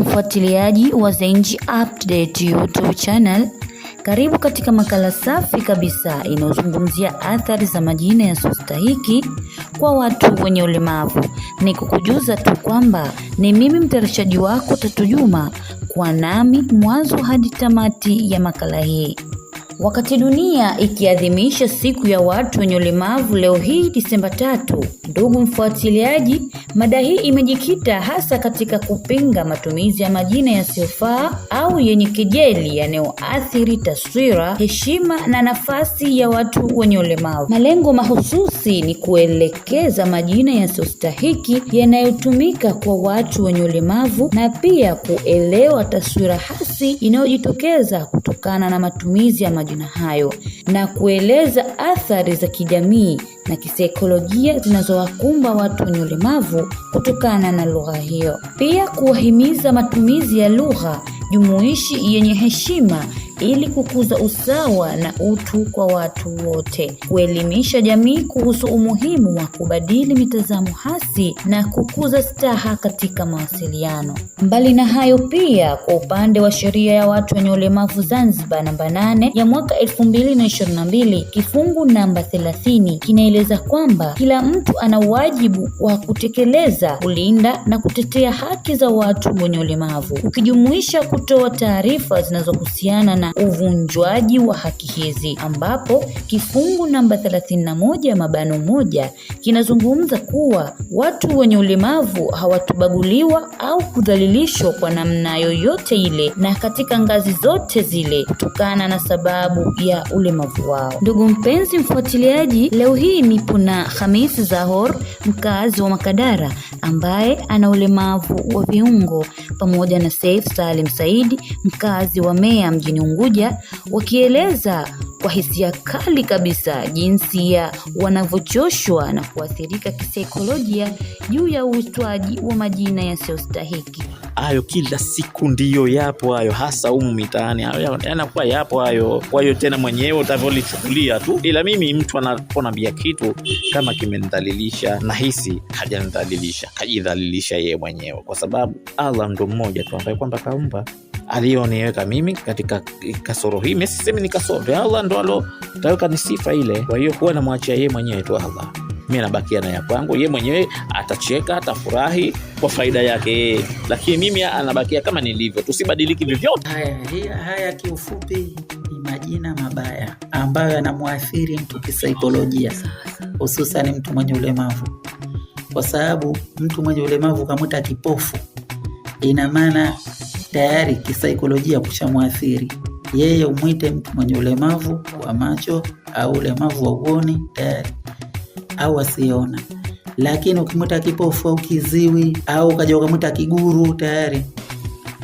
mfuatiliaji wa Zenji Update YouTube channel. Karibu katika makala safi kabisa inayozungumzia athari za majina yasiyostahiki kwa watu wenye ulemavu. Ni kukujuza tu kwamba ni mimi mtayarishaji wako Tatu Juma, kwa nami mwanzo hadi tamati ya makala hii. Wakati dunia ikiadhimisha siku ya watu wenye ulemavu leo hii Disemba tatu, ndugu mfuatiliaji, mada hii imejikita hasa katika kupinga matumizi ya majina yasiyofaa au yenye kejeli yanayoathiri taswira, heshima na nafasi ya watu wenye ulemavu. Malengo mahususi ni kuelekeza majina yasiyostahiki yanayotumika kwa watu wenye ulemavu na pia kuelewa taswira hasi inayojitokeza kutokana na matumizi ya majina majina hayo na kueleza athari za kijamii na kisaikolojia zinazowakumba watu wenye ulemavu kutokana na lugha hiyo. Pia kuwahimiza matumizi ya lugha jumuishi yenye heshima ili kukuza usawa na utu kwa watu wote, kuelimisha jamii kuhusu umuhimu wa kubadili mitazamo hasi na kukuza staha katika mawasiliano. Mbali na hayo, pia kwa upande wa sheria ya watu wenye ulemavu Zanzibar namba 8 ya mwaka 2022 kifungu namba 30 kinaeleza kwamba kila mtu ana wajibu wa kutekeleza, kulinda na kutetea haki za watu wenye ulemavu ukijumuisha kutoa taarifa zinazohusiana na uvunjwaji wa haki hizi, ambapo kifungu namba 31 mabano moja kinazungumza kuwa watu wenye ulemavu hawatubaguliwa au kudhalilishwa kwa namna yoyote ile na katika ngazi zote zile kutokana na sababu ya ulemavu wao. Ndugu mpenzi mfuatiliaji, leo hii nipo na Khamis Zahor, mkazi wa Makadara ambaye ana ulemavu wa viungo pamoja na Saif Salim Saidi, mkazi wa Mea mjini ungu Unguja wakieleza kwa hisia kali kabisa jinsi ya wanavyochoshwa na kuathirika kisaikolojia juu ya uitwaji wa majina yasiyostahiki. Hayo kila siku ndiyo yapo hayo, hasa humu mitaani hayo yanakuwa yapo hayo. Kwa hiyo tena mwenyewe utavyolichukulia tu, ila mimi mtu anaponambia kitu kama kimenidhalilisha, nahisi hajanidhalilisha, kajidhalilisha yeye mwenyewe, kwa sababu Allah ndo mmoja tu ambaye kwamba kaumba aliyoniweka mimi katika kasoro hii. Mimi sisemi ni kasoro ya Allah, ndo taweka ni sifa ile. Kwa hiyo kuwa namwachia yeye mwenyewe tu Allah, mimi nabakia na ya kwangu. Yeye mwenyewe atacheka, atafurahi kwa faida yake, lakini mimi anabakia kama nilivyo, tusibadiliki vyovyote. Haya, haya kiufupi majina mabaya ambayo yanamwathiri mtu kisaikolojia, hususan mtu mwenye ulemavu, kwa sababu mtu mwenye ulemavu kamwita kipofu, ina maana tayari kisaikolojia kushamwathiri yeye. Umwite mtu mwenye ulemavu wa macho au ulemavu wa uoni tayari, au asiona. Lakini ukimwita kipofu au kiziwi au ukaja ukamwita kiguru tayari,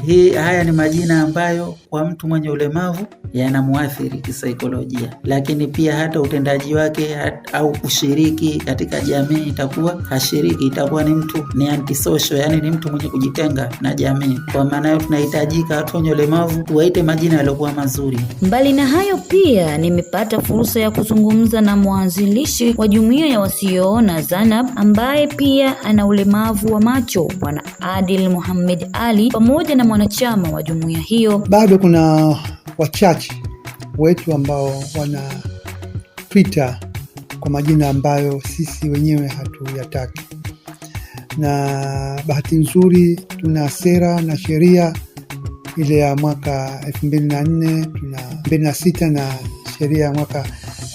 hii haya ni majina ambayo kwa mtu mwenye ulemavu yanamwathiri kisaikolojia, lakini pia hata utendaji wake hat, au kushiriki katika jamii itakuwa hashiriki, itakuwa ni mtu ni antisocial, yani ni mtu mwenye kujitenga na jamii. Kwa maana hiyo tunahitajika watu wenye ulemavu tuwaite majina yaliyokuwa mazuri. Mbali na hayo, pia nimepata fursa ya kuzungumza na mwanzilishi wa jumuiya ya wasioona Zanab, ambaye pia ana ulemavu wa macho, Bwana Adil Muhammad Ali, pamoja na mwanachama wa jumuiya hiyo bado kuna wachache wetu ambao wana Twitter kwa majina ambayo sisi wenyewe hatuyataki, na bahati nzuri tuna sera na sheria ile ya mwaka elfu mbili na nne tuna mbili na sita na sheria ya mwaka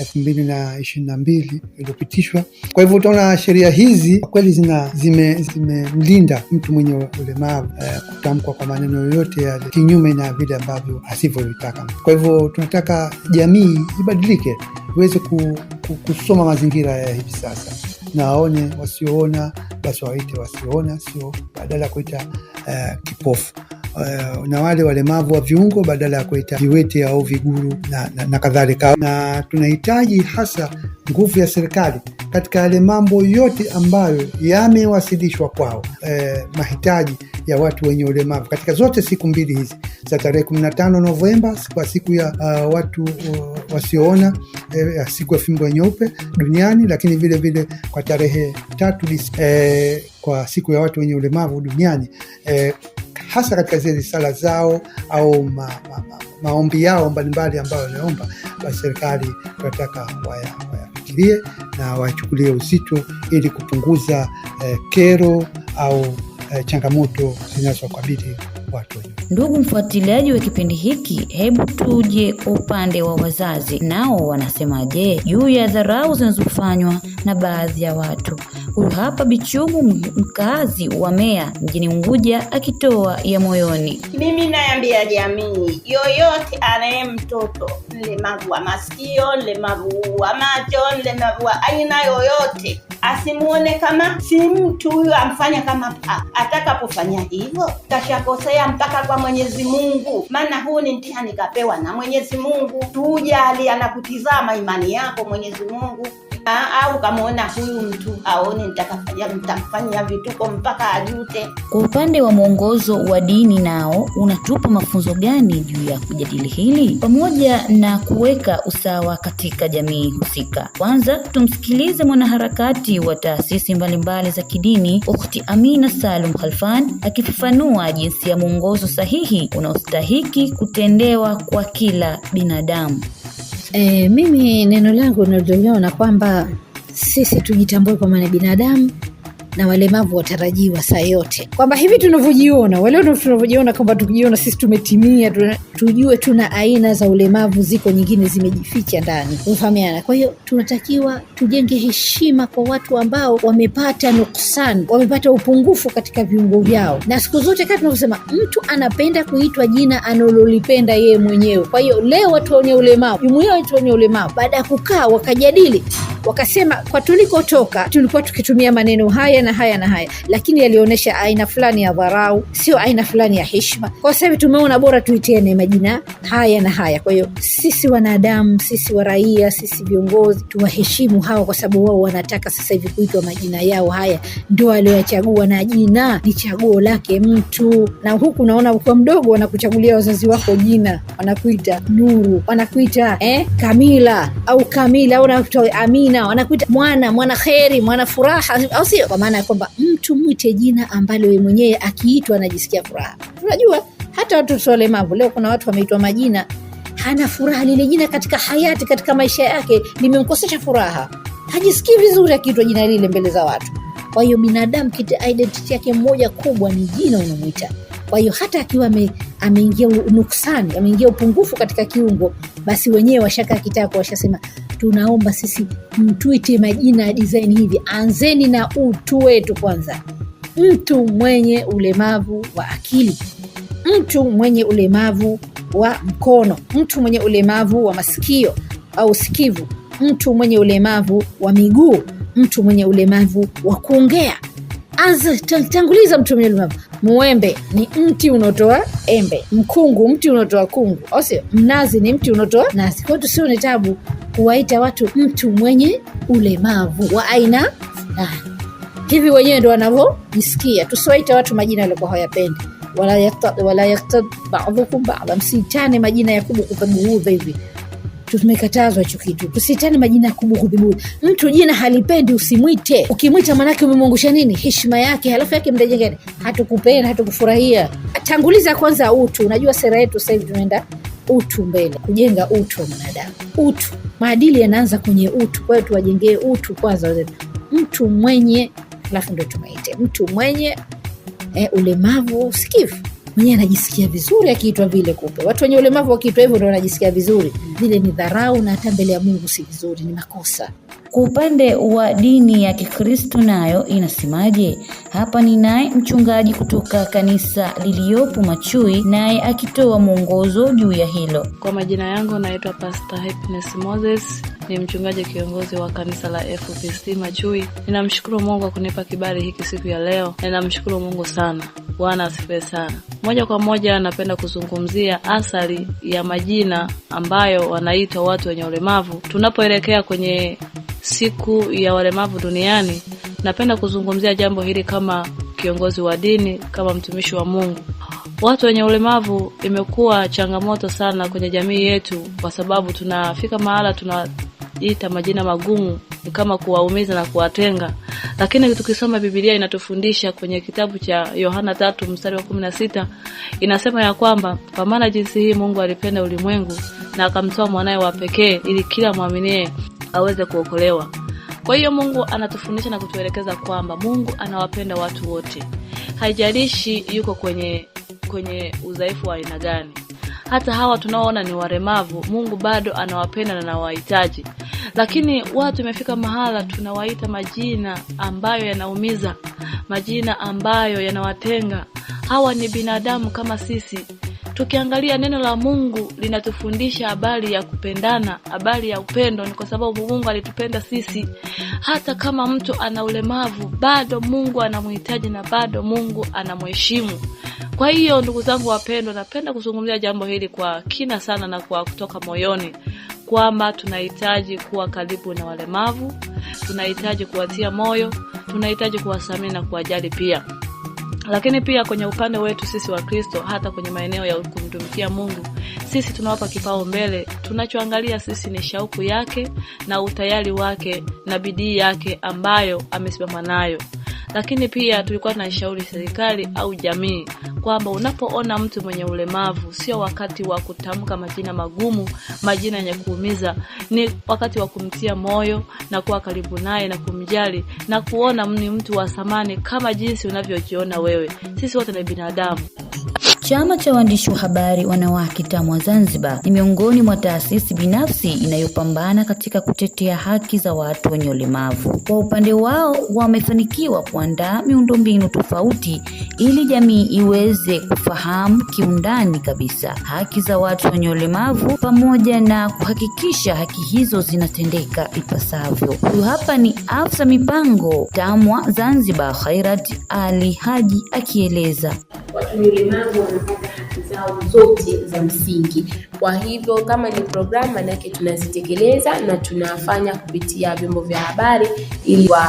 elfu mbili na ishirini na mbili iliyopitishwa. Kwa hivyo utaona sheria hizi kwa kweli zina zimemlinda zime mtu mwenye ulemavu eh, kutamkwa kwa maneno yoyote yale kinyume na vile ambavyo asivyovitaka. Kwa hivyo tunataka jamii ibadilike, iweze ku, ku, kusoma mazingira ya hivi sasa na waone wasioona, basi wawaite wasioona, sio badala ya kuita uh, kipofu uh, na wale walemavu wa viungo badala ya kuita viwete au viguru na, na, na kadhalika. Na tunahitaji hasa nguvu ya serikali katika yale mambo yote ambayo yamewasilishwa kwao, eh, mahitaji ya watu wenye ulemavu katika zote siku mbili hizi za tarehe 15 Novemba kwa siku ya uh, watu uh, wasioona eh, siku ya fimbo nyeupe duniani, lakini vile vile kwa tarehe tatu eh, kwa siku ya watu wenye ulemavu duniani eh, hasa katika zile risala zao au ma, ma, ma, maombi yao mbalimbali ambayo wanaomba, basi serikali wanataka wayafikirie na wachukulie uzito ili kupunguza eh, kero au eh, changamoto zinazokabidi watu. Ndugu mfuatiliaji wa kipindi hiki, hebu tuje kwa upande wa wazazi, nao wanasemaje juu ya dharau zinazofanywa na baadhi ya watu Huyu hapa Bichugu, mkazi wa mea mjini Unguja, akitoa ya moyoni. Mimi nayambia jamii yoyote anaye mtoto mlemavu wa masikio, mlemavu wa macho, mlemavu wa aina yoyote asimuone kama si mtu huyo, amfanya kama ataka Atakapofanya hivyo kashakosea mpaka kwa Mwenyezi Mungu, maana huu ni mtihani kapewa na Mwenyezi Mungu. Tujali anakutizama imani yako Mwenyezi Mungu au kamwona huyu mtu aone nitakafanya vituko mpaka ajute. Kwa upande wa mwongozo wa dini nao unatupa mafunzo gani juu ya kujadili hili pamoja na kuweka usawa katika jamii husika? Kwanza tumsikilize mwanaharakati wa taasisi mbalimbali za kidini Ukhti Amina Salum Khalfan akifafanua jinsi ya mwongozo sahihi unaostahiki kutendewa kwa kila binadamu. E, mimi neno langu ninaloona kwamba sisi tujitambue kwa maana binadamu na walemavu watarajiwa saa yote, kwamba hivi tunavyojiona wale tunavyojiona kwamba tukijiona sisi tumetimia, tujue tuna aina za ulemavu ziko nyingine zimejificha ndani, umfahamiana. Kwa hiyo tunatakiwa tujenge heshima kwa watu ambao wamepata nuksan, wamepata upungufu katika viungo vyao, na siku zote kaa tunavyosema, mtu anapenda kuitwa jina analolipenda yeye mwenyewe. Kwa hiyo leo watu wenye ulemavu, jumuia watu wenye ulemavu, baada ya kukaa wakajadili, wakasema kwa tulikotoka tulikuwa tukitumia maneno haya haya na haya na haya, lakini yalionyesha aina fulani ya dharau, sio aina fulani ya heshima. Kwa sasa tumeona bora tuitene majina haya na haya. Kwa hiyo sisi wanadamu, sisi wa raia, sisi viongozi tuwaheshimu hawa, kwa sababu wao wanataka sasa hivi kuitwa majina yao. Haya ndo aliyoyachagua, na jina ni chaguo lake mtu. Na huku naona ukiwa mdogo wanakuchagulia wazazi wako jina, wanakuita Nuru, wanakuita eh, Kamila au Kamila au Amina, wanakuita mwana, mwana kheri, mwana furaha, au sio? maana ya kwamba mtu mwite jina ambalo we mwenyewe akiitwa anajisikia furaha. unajua hata watu walemavu leo, kuna watu wameitwa majina, hana furaha lile jina katika hayati, katika maisha yake limemkosesha furaha, hajisikii vizuri akiitwa jina lile mbele za watu. Kwa hiyo binadamu identity yake moja kubwa ni jina unamwita. Kwa hiyo hata akiwa ameingia nuksani, ameingia upungufu katika kiungo, basi wenyewe washaka kitako washasema tunaomba sisi mtuite majina ya design hivi, anzeni na utu wetu kwanza. Mtu mwenye ulemavu wa akili, mtu mwenye ulemavu wa mkono, mtu mwenye ulemavu wa masikio au sikivu, mtu mwenye ulemavu wa miguu, mtu mwenye ulemavu wa kuongea. Anza tanguliza mtu mwenye ulemavu Muembe ni mti unaotoa embe, mkungu mti unaotoa kungu, au sio? Mnazi ni mti unaotoa nazi. Kwetu sio ni tabu kuwaita watu mtu mwenye ulemavu wa aina fulani. Hivi wenyewe ndo wanavyojisikia. tusiwaita watu majina yaliokuwa hawayapendi wala yaktad baadhukum badha, msiitane majina ya kubukubuudha hivi tumekatazwa hicho kitu, tusitane majina ya kubughudhibuhi. Mtu jina halipendi usimwite, ukimwita manake umemwangusha nini heshima yake, halafu yake mdajengani, hatukupenda hatukufurahia. Tanguliza kwanza utu. Unajua sera yetu sahivi tunaenda utu mbele, kujenga utu wa mwanadamu, utu maadili yanaanza kwenye utu. Kwa tuwajengee utu kwanza, mtu mwenye, alafu ndo tumaite mtu mwenye eh, ulemavu sikivu mwenyewe anajisikia vizuri akiitwa vile. Kumbe watu wenye ulemavu wakiitwa hivyo ndo wanajisikia vizuri. Vile ni dharau, na hata mbele ya Mungu si vizuri, ni makosa. Kwa upande wa dini ya kikristu nayo inasemaje? Hapa ni naye mchungaji kutoka kanisa liliyopo Machui, naye akitoa mwongozo juu ya hilo. Kwa majina yangu naitwa Pastor Happiness Moses, ni mchungaji kiongozi wa kanisa la FPC Machui. Ninamshukuru Mungu kwa kunipa kibali hiki siku ya leo. Ninamshukuru Mungu sana. Bwana asifiwe sana. Moja kwa moja napenda kuzungumzia athari ya majina ambayo wanaitwa watu wenye ulemavu. Tunapoelekea kwenye siku ya walemavu duniani, napenda kuzungumzia jambo hili kama kiongozi wa dini, kama mtumishi wa Mungu. Watu wenye ulemavu imekuwa changamoto sana kwenye jamii yetu, kwa sababu tunafika mahala tuna kujiita majina magumu ni kama kuwaumiza na kuwatenga, lakini tukisoma Biblia inatufundisha kwenye kitabu cha Yohana tatu mstari wa kumi na sita inasema ya kwamba kwa maana jinsi hii Mungu alipenda ulimwengu na akamtoa mwanaye wa pekee ili kila mwaminie aweze kuokolewa. Kwa hiyo Mungu anatufundisha na kutuelekeza kwamba Mungu anawapenda watu wote, haijalishi yuko kwenye kwenye udhaifu wa aina gani. Hata hawa tunaoona ni waremavu, Mungu bado anawapenda na anawahitaji lakini watu imefika mahala tunawaita majina ambayo yanaumiza, majina ambayo yanawatenga. Hawa ni binadamu kama sisi. Tukiangalia neno la Mungu linatufundisha habari ya kupendana, habari ya upendo. Ni kwa sababu Mungu alitupenda sisi. Hata kama mtu ana ulemavu, bado Mungu anamhitaji na bado Mungu anamheshimu. Kwa hiyo, ndugu zangu wapendwa, napenda kuzungumzia jambo hili kwa kina sana na kwa kutoka moyoni kwamba tunahitaji kuwa karibu na walemavu, tunahitaji kuwatia moyo, tunahitaji kuwasamini na kuwajali pia. Lakini pia kwenye upande wetu sisi wa Kristo, hata kwenye maeneo ya kumtumikia Mungu, sisi tunawapa kipao mbele Tunachoangalia sisi ni shauku yake na utayari wake na bidii yake ambayo amesimama nayo lakini pia tulikuwa tunashauri serikali au jamii kwamba unapoona mtu mwenye ulemavu, sio wakati wa kutamka majina magumu, majina yenye kuumiza. Ni wakati wa kumtia moyo na kuwa karibu naye na kumjali na kuona ni mtu wa thamani kama jinsi unavyojiona wewe. Sisi wote ni binadamu. Chama cha Waandishi wa Habari Wanawake TAMWA Zanzibar ni miongoni mwa taasisi binafsi inayopambana katika kutetea haki za watu wenye ulemavu. Kwa upande wao, wamefanikiwa kuandaa miundombinu tofauti ili jamii iweze kufahamu kiundani kabisa haki za watu wenye ulemavu pamoja na kuhakikisha haki hizo zinatendeka ipasavyo. Huyu hapa ni afisa mipango TAMWA Zanzibar, Khairat Ali Haji akieleza watu wenye ulemavu au zote za msingi Kwa hivyo kama ni programu, manake tunazitekeleza na tunafanya kupitia vyombo vya habari ili wa,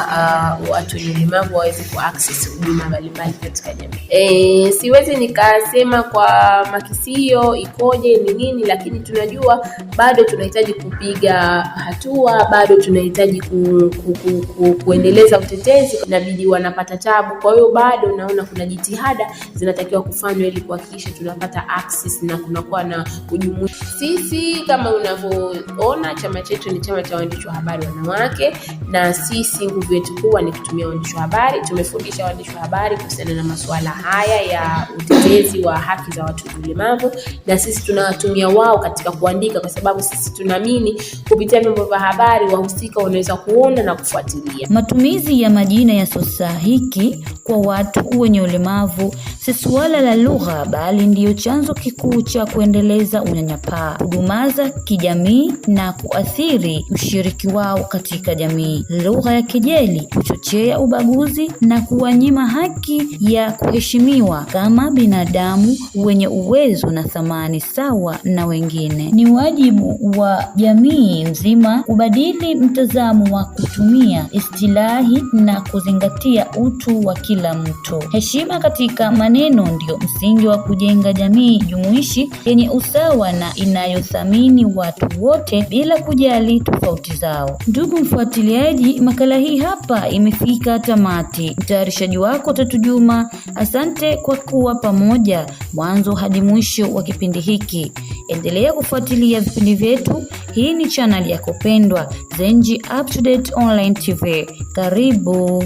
uh, watu wenye ulemavu waweze ku access huduma mbalimbali katika jamii. E, siwezi nikasema kwa makisio ikoje ni nini, lakini tunajua bado tunahitaji kupiga hatua, bado tunahitaji ku, ku, ku, ku, kuendeleza utetezi, inabidi wanapata tabu. Kwa hiyo bado naona kuna jitihada zinatakiwa kufanywa ili kuhakikisha tunapata access na kunakuwa na ujumu sisi kama unavyoona, chama chetu ni chama cha waandishi wa habari wanawake, na sisi nguvu yetu kubwa ni kutumia waandishi wa habari. Tumefundisha waandishi wa habari kuhusiana na masuala haya ya utetezi wa haki za watu ulemavu, na sisi tunawatumia wao katika kuandika, kwa sababu sisi tunaamini kupitia vyombo vya habari wahusika wanaweza kuona na kufuatilia. Matumizi ya majina ya sosahiki kwa watu wenye ulemavu si suala la lugha, bali ndiyo chanzo kikuu cha kuendeleza unyanya unyanyapaa, kudumaza kijamii na kuathiri ushiriki wao katika jamii. Lugha ya kejeli huchochea ubaguzi na kuwanyima haki ya kuheshimiwa kama binadamu wenye uwezo na thamani sawa na wengine. Ni wajibu wa jamii nzima kubadili mtazamo wa kutumia istilahi na kuzingatia utu wa kila mtu. Heshima katika maneno ndio msingi wa kujenga jamii jumuishi yenye usawa na sana inayothamini watu wote bila kujali tofauti zao. Ndugu mfuatiliaji, makala hii hapa imefika tamati. Mtayarishaji wako Tatu Juma, asante kwa kuwa pamoja mwanzo hadi mwisho wa kipindi hiki. Endelea kufuatilia vipindi vyetu. Hii ni chaneli yako pendwa Zenji Up to Date Online TV. Karibu.